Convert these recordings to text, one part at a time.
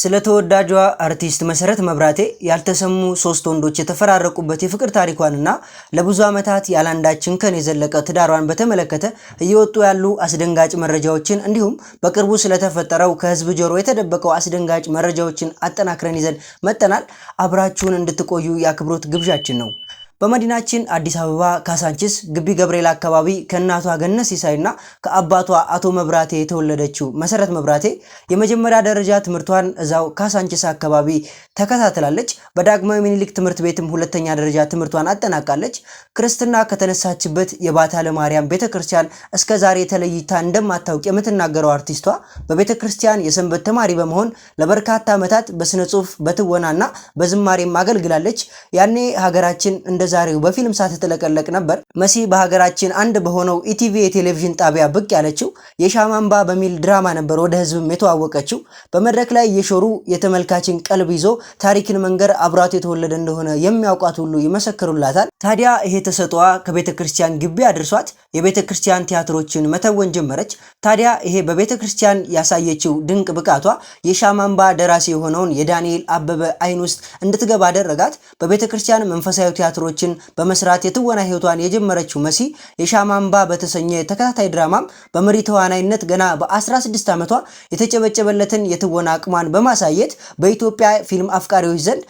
ስለ ተወዳጇ አርቲስት መሰረት መብራቴ ያልተሰሙ ሶስት ወንዶች የተፈራረቁበት የፍቅር ታሪኳንና ለብዙ ዓመታት ያላንዳች እንከን የዘለቀ ትዳሯን በተመለከተ እየወጡ ያሉ አስደንጋጭ መረጃዎችን እንዲሁም በቅርቡ ስለተፈጠረው ከህዝብ ጆሮ የተደበቀው አስደንጋጭ መረጃዎችን አጠናክረን ይዘን መጠናል። አብራችሁን እንድትቆዩ የአክብሮት ግብዣችን ነው። በመዲናችን አዲስ አበባ ካሳንቺስ ግቢ ገብርኤል አካባቢ ከእናቷ ገነት ሲሳይና ከአባቷ አቶ መብራቴ የተወለደችው መሰረት መብራቴ የመጀመሪያ ደረጃ ትምህርቷን እዛው ካሳንቺስ አካባቢ ተከታትላለች። በዳግማዊ ምኒልክ ትምህርት ቤትም ሁለተኛ ደረጃ ትምህርቷን አጠናቃለች። ክርስትና ከተነሳችበት የባታ ለማርያም ቤተክርስቲያን እስከዛሬ ተለይታ እንደማታውቅ የምትናገረው አርቲስቷ በቤተክርስቲያን የሰንበት ተማሪ በመሆን ለበርካታ ዓመታት በስነ ጽሁፍ በትወናና በዝማሬም አገልግላለች። ያኔ ሀገራችን እንደ ዛሬው በፊልም ሳትጥለቀለቅ ነበር። መሲ በሀገራችን አንድ በሆነው ኢቲቪ የቴሌቪዥን ጣቢያ ብቅ ያለችው የሻማንባ በሚል ድራማ ነበር ወደ ህዝብም የተዋወቀችው። በመድረክ ላይ የሾሩ የተመልካችን ቀልብ ይዞ ታሪክን መንገር አብሯት የተወለደ እንደሆነ የሚያውቋት ሁሉ ይመሰክሩላታል። ታዲያ ይሄ ተሰጥኦዋ ከቤተ ክርስቲያን ግቢ አድርሷት የቤተ ክርስቲያን ቲያትሮችን መተወን ጀመረች። ታዲያ ይሄ በቤተ ክርስቲያን ያሳየችው ድንቅ ብቃቷ የሻማንባ ደራሲ የሆነውን የዳንኤል አበበ አይን ውስጥ እንድትገባ አደረጋት። በቤተ ክርስቲያን መንፈሳዊ ቲያትሮች ስራዎችን በመስራት የትወና ህይወቷን የጀመረችው መሲ የሻማምባ በተሰኘ ተከታታይ ድራማም በመሪ ተዋናይነት ገና በ16 ዓመቷ የተጨበጨበለትን የትወና አቅሟን በማሳየት በኢትዮጵያ ፊልም አፍቃሪዎች ዘንድ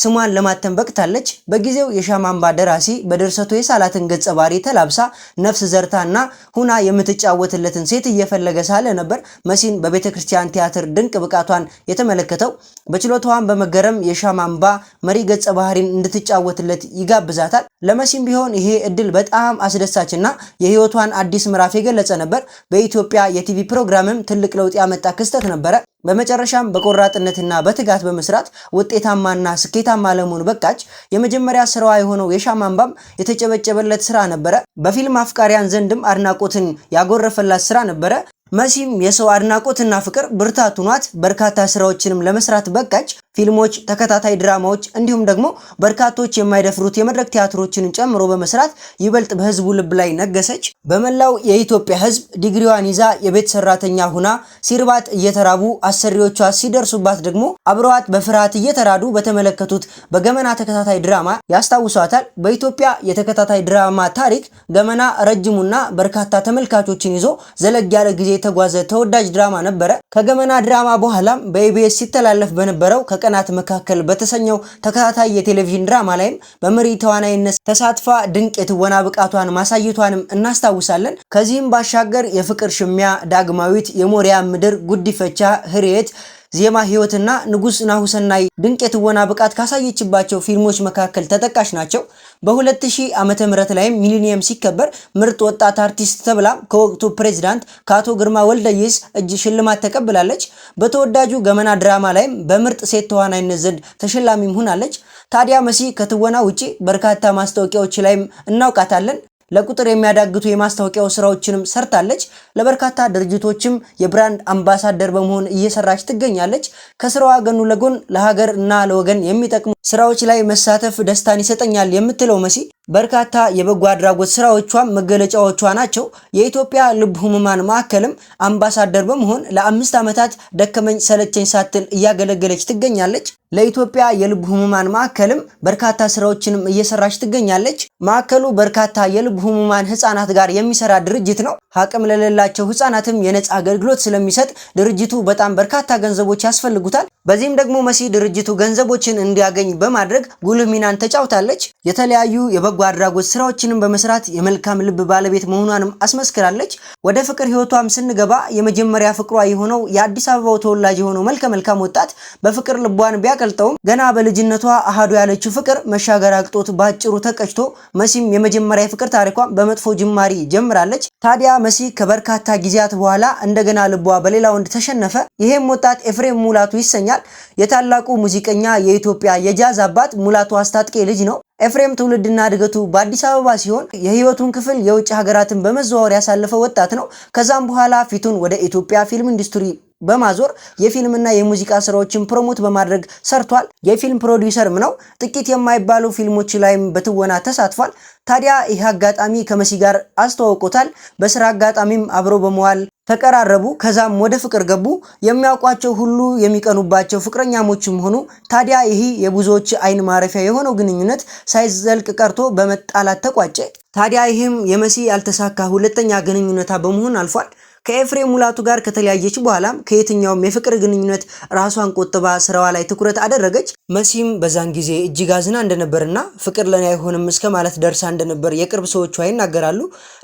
ስሟን ለማተም በቅታለች። በጊዜው የሻማምባ ደራሲ በድርሰቱ የሳላትን ገጸ ባህሪ ተላብሳ ነፍስ ዘርታና ሁና የምትጫወትለትን ሴት እየፈለገ ሳለ ነበር መሲን በቤተ ክርስቲያን ቲያትር ድንቅ ብቃቷን የተመለከተው። በችሎታዋን በመገረም የሻማምባ መሪ ገጸ ባህሪን እንድትጫወትለት ይጋብዛታል። ለመሲም ቢሆን ይሄ እድል በጣም አስደሳችና የህይወቷን አዲስ ምዕራፍ የገለጸ ነበር። በኢትዮጵያ የቲቪ ፕሮግራምም ትልቅ ለውጥ ያመጣ ክስተት ነበረ። በመጨረሻም በቆራጥነትና በትጋት በመስራት ውጤታማና ስኬታማ ለመሆን በቃች። የመጀመሪያ ስራዋ የሆነው የሻማ አምባም የተጨበጨበለት ስራ ነበረ። በፊልም አፍቃሪያን ዘንድም አድናቆትን ያጎረፈላት ስራ ነበረ። መሲም የሰው አድናቆትና ፍቅር ብርታቱ በርካታ ስራዎችንም ለመስራት በቃች። ፊልሞች፣ ተከታታይ ድራማዎች እንዲሁም ደግሞ በርካቶች የማይደፍሩት የመድረክ ቲያትሮችንን ጨምሮ በመስራት ይበልጥ በህዝቡ ልብ ላይ ነገሰች። በመላው የኢትዮጵያ ህዝብ ዲግሪዋን ይዛ የቤት ሰራተኛ ሁና ሲርባት እየተራቡ አሰሪዎቿ ሲደርሱባት ደግሞ አብረዋት በፍርሃት እየተራዱ በተመለከቱት በገመና ተከታታይ ድራማ ያስታውሷታል። በኢትዮጵያ የተከታታይ ድራማ ታሪክ ገመና ረጅሙና በርካታ ተመልካቾችን ይዞ ዘለግ ያለ ጊዜ የተጓዘ ተወዳጅ ድራማ ነበረ። ከገመና ድራማ በኋላም በኢቢኤስ ሲተላለፍ በነበረው ከቀናት መካከል በተሰኘው ተከታታይ የቴሌቪዥን ድራማ ላይም በመሪ ተዋናይነት ተሳትፋ ድንቅ የትወና ብቃቷን ማሳየቷንም እናስታውሳለን። ከዚህም ባሻገር የፍቅር ሽሚያ፣ ዳግማዊት፣ የሞሪያ ምድር፣ ጉዲፈቻ፣ ህርየት ዜማ ህይወትና ንጉሥ ናሁሰናይ ድንቅ የትወና ብቃት ካሳየችባቸው ፊልሞች መካከል ተጠቃሽ ናቸው። በ2000 ዓመተ ምህረት ላይም ሚሊኒየም ሲከበር ምርጥ ወጣት አርቲስት ተብላ ከወቅቱ ፕሬዚዳንት ከአቶ ግርማ ወልደየስ እጅ ሽልማት ተቀብላለች። በተወዳጁ ገመና ድራማ ላይም በምርጥ ሴት ተዋናይነት ዘንድ ተሸላሚም ሆናለች። ታዲያ መሲ ከትወና ውጪ በርካታ ማስታወቂያዎች ላይም እናውቃታለን። ለቁጥር የሚያዳግቱ የማስታወቂያው ስራዎችንም ሰርታለች። ለበርካታ ድርጅቶችም የብራንድ አምባሳደር በመሆን እየሰራች ትገኛለች። ከስራዋ ጎን ለጎን ለሀገር እና ለወገን የሚጠቅሙ ስራዎች ላይ መሳተፍ ደስታን ይሰጠኛል የምትለው መሲ በርካታ የበጎ አድራጎት ስራዎቿም መገለጫዎቿ ናቸው። የኢትዮጵያ ልብ ህሙማን ማዕከልም አምባሳደር በመሆን ለአምስት ዓመታት ደከመኝ ሰለቸኝ ሳትል እያገለገለች ትገኛለች። ለኢትዮጵያ የልብ ህሙማን ማዕከልም በርካታ ስራዎችንም እየሰራች ትገኛለች። ማዕከሉ በርካታ የልብ ህሙማን ህጻናት ጋር የሚሰራ ድርጅት ነው። አቅም ለሌላቸው ህጻናትም የነጻ አገልግሎት ስለሚሰጥ ድርጅቱ በጣም በርካታ ገንዘቦች ያስፈልጉታል። በዚህም ደግሞ መሲ ድርጅቱ ገንዘቦችን እንዲያገኝ በማድረግ ጉልህ ሚናን ተጫውታለች። የተለያዩ የበጎ አድራጎት ስራዎችንም በመስራት የመልካም ልብ ባለቤት መሆኗንም አስመስክራለች። ወደ ፍቅር ህይወቷም ስንገባ የመጀመሪያ ፍቅሯ የሆነው የአዲስ አበባው ተወላጅ የሆነው መልከ መልካም ወጣት በፍቅር ልቧን ቢያቀልጠውም ገና በልጅነቷ አህዱ ያለችው ፍቅር መሻገር አቅጦት ባጭሩ ተቀጭቶ መሲም የመጀመሪያ የፍቅር ታሪኳን በመጥፎ ጅማሪ ጀምራለች። ታዲያ መሲ ከበርካታ ጊዜያት በኋላ እንደገና ልቧ በሌላ ወንድ ተሸነፈ። ይሄም ወጣት ኤፍሬም ሙላቱ ይሰኛል። ይገኛል። የታላቁ ሙዚቀኛ የኢትዮጵያ የጃዝ አባት ሙላቱ አስታጥቄ ልጅ ነው። ኤፍሬም ትውልድና እድገቱ በአዲስ አበባ ሲሆን የህይወቱን ክፍል የውጭ ሀገራትን በመዘዋወር ያሳለፈ ወጣት ነው። ከዛም በኋላ ፊቱን ወደ ኢትዮጵያ ፊልም ኢንዱስትሪ በማዞር የፊልምና የሙዚቃ ስራዎችን ፕሮሞት በማድረግ ሰርቷል። የፊልም ፕሮዲውሰርም ነው። ጥቂት የማይባሉ ፊልሞች ላይም በትወና ተሳትፏል። ታዲያ ይህ አጋጣሚ ከመሲ ጋር አስተዋውቆታል። በስራ አጋጣሚም አብሮ በመዋል ተቀራረቡ፣ ከዛም ወደ ፍቅር ገቡ። የሚያውቋቸው ሁሉ የሚቀኑባቸው ፍቅረኛሞችም ሆኑ። ታዲያ ይህ የብዙዎች አይን ማረፊያ የሆነው ግንኙነት ሳይዘልቅ ቀርቶ በመጣላት ተቋጨ። ታዲያ ይህም የመሲ ያልተሳካ ሁለተኛ ግንኙነታ በመሆን አልፏል። ከኤፍሬም ሙላቱ ጋር ከተለያየች በኋላም ከየትኛውም የፍቅር ግንኙነት ራሷን ቆጥባ ስራዋ ላይ ትኩረት አደረገች። መሲም በዛን ጊዜ እጅግ አዝና እንደነበርና ፍቅር ለኔ አይሆንም እስከ ማለት ደርሳ እንደነበር የቅርብ ሰዎቿ ይናገራሉ።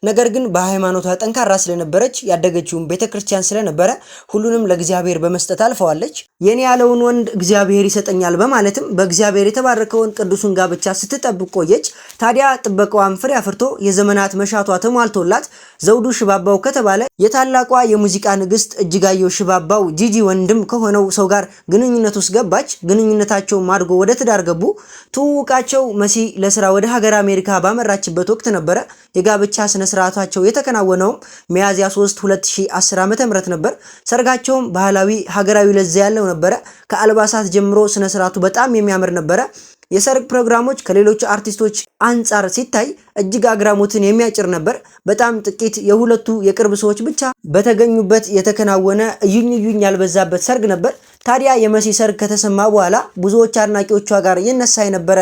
ነገር ግን በሃይማኖቷ ጠንካራ ስለነበረች ያደገችውን ቤተክርስቲያን ስለነበረ ሁሉንም ለእግዚአብሔር በመስጠት አልፈዋለች። የኔ ያለውን ወንድ እግዚአብሔር ይሰጠኛል በማለትም በእግዚአብሔር የተባረከውን ቅዱሱን ጋብቻ ስትጠብቅ ቆየች። ታዲያ ጥበቃዋን ፍሬ አፍርቶ የዘመናት መሻቷ ተሟልቶላት ዘውዱ ሽባባው ከተባለ የታ ታላቋ የሙዚቃ ንግስት እጅጋየሁ ሽባባው ጂጂ ወንድም ከሆነው ሰው ጋር ግንኙነት ውስጥ ገባች። ግንኙነታቸው ማድጎ ወደ ትዳር ገቡ። ትውውቃቸው መሲ ለስራ ወደ ሀገር አሜሪካ ባመራችበት ወቅት ነበረ። የጋብቻ ስነ ስርዓታቸው የተከናወነውም ሚያዝያ 3 2010 ዓ.ም ነበር። ሰርጋቸውም ባህላዊ ሀገራዊ ለዛ ያለው ነበረ። ከአልባሳት ጀምሮ ስነ ስርዓቱ በጣም የሚያምር ነበረ። የሰርግ ፕሮግራሞች ከሌሎች አርቲስቶች አንጻር ሲታይ እጅግ አግራሞትን የሚያጭር ነበር። በጣም ጥቂት የሁለቱ የቅርብ ሰዎች ብቻ በተገኙበት የተከናወነ እዩኝ እዩኝ ያልበዛበት ሰርግ ነበር። ታዲያ የመሲ ሰርግ ከተሰማ በኋላ ብዙዎች አድናቂዎቿ ጋር ይነሳ የነበረ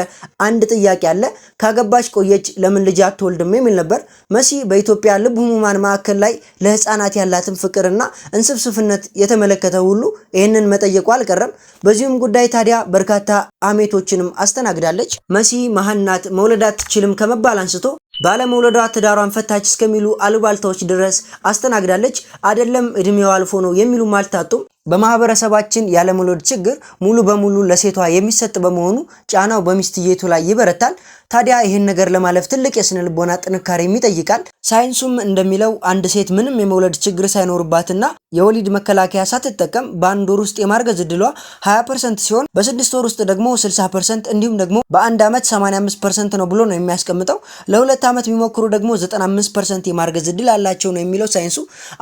አንድ ጥያቄ አለ። ካገባች ቆየች ለምን ልጅ አትወልድም የሚል ነበር። መሲ በኢትዮጵያ ልብ ሕሙማን ማዕከል ላይ ለህፃናት ያላትን ፍቅርና እንስፍስፍነት የተመለከተ ሁሉ ይህንን መጠየቁ አልቀረም። በዚሁም ጉዳይ ታዲያ በርካታ አሜቶችንም አስተናግዳለች። መሲ መሀናት መውለድ አትችልም ከመባል አንስቶ ባለመውለዷ ትዳሯን ፈታች እስከሚሉ አሉባልታዎች ድረስ አስተናግዳለች። አደለም እድሜው አልፎ ነው የሚሉም አልታጡም። በማህበረሰባችን ያለመውለድ ችግር ሙሉ በሙሉ ለሴቷ የሚሰጥ በመሆኑ ጫናው በሚስትየቱ ላይ ይበረታል። ታዲያ ይህን ነገር ለማለፍ ትልቅ የስነ ልቦና ጥንካሬ ይጠይቃል። ሳይንሱም እንደሚለው አንድ ሴት ምንም የመውለድ ችግር ሳይኖርባትና የወሊድ መከላከያ ሳትጠቀም በአንድ ወር ውስጥ የማርገዝ እድሏ 20 ፐርሰንት ሲሆን በስድስት ወር ውስጥ ደግሞ 60 ፐርሰንት እንዲሁም ደግሞ በአንድ ዓመት 85 ፐርሰንት ነው ብሎ ነው የሚያስቀምጠው። ለሁለት ዓመት የሚሞክሩ ደግሞ 95 ፐርሰንት የማርገዝ እድል አላቸው ነው የሚለው ሳይንሱ።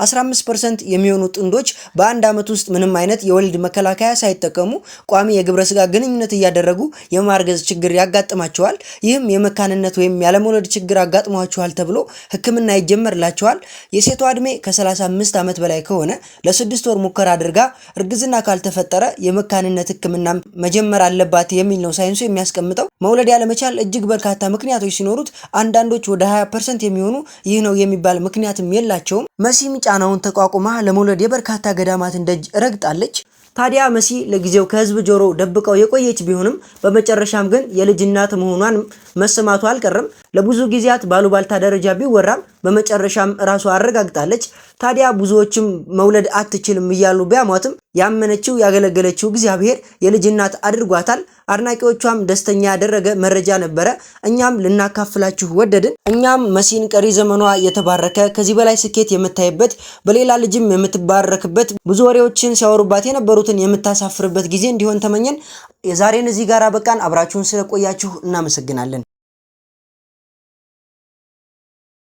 15 ፐርሰንት የሚሆኑ ጥንዶች በአንድ ዓመት ውስጥ ምንም አይነት የወሊድ መከላከያ ሳይጠቀሙ ቋሚ የግብረ ስጋ ግንኙነት እያደረጉ የማርገዝ ችግር ያጋጥማቸዋል። ይህም የመካንነት ወይም ያለመውለድ ችግር አጋጥሟቸዋል ተብሎ ሕክምና ይጀመርላቸዋል። የሴቷ እድሜ ከ35 ዓመት በላይ ከሆነ ለስድስት ወር ሙከራ አድርጋ እርግዝና ካልተፈጠረ የመካንነት ሕክምና መጀመር አለባት የሚል ነው ሳይንሱ የሚያስቀምጠው። መውለድ ያለመቻል እጅግ በርካታ ምክንያቶች ሲኖሩት አንዳንዶች ወደ 20 ፐርሰንት የሚሆኑ ይህ ነው የሚባል ምክንያትም የላቸውም። መሲም ጫናውን ተቋቁማ ለመውለድ የበርካታ ገዳማትን ደጅ ረግጣለች። ታዲያ መሲ ለጊዜው ከህዝብ ጆሮ ደብቀው የቆየች ቢሆንም በመጨረሻም ግን የልጅ እናት መሆኗን መሰማቱ አልቀረም። ለብዙ ጊዜያት ባሉባልታ ደረጃ ቢወራም በመጨረሻም ራሷ አረጋግጣለች። ታዲያ ብዙዎችም መውለድ አትችልም እያሉ ቢያሟትም ያመነችው ያገለገለችው እግዚአብሔር የልጅ እናት አድርጓታል። አድናቂዎቿም ደስተኛ ያደረገ መረጃ ነበረ። እኛም ልናካፍላችሁ ወደድን። እኛም መሲን ቀሪ ዘመኗ የተባረከ ከዚህ በላይ ስኬት የምታይበት በሌላ ልጅም የምትባረክበት ብዙ ወሬዎችን ሲያወሩባት የነበሩትን የምታሳፍርበት ጊዜ እንዲሆን ተመኘን። የዛሬን እዚህ ጋር በቃን። አብራችሁን ስለቆያችሁ እናመሰግናለን።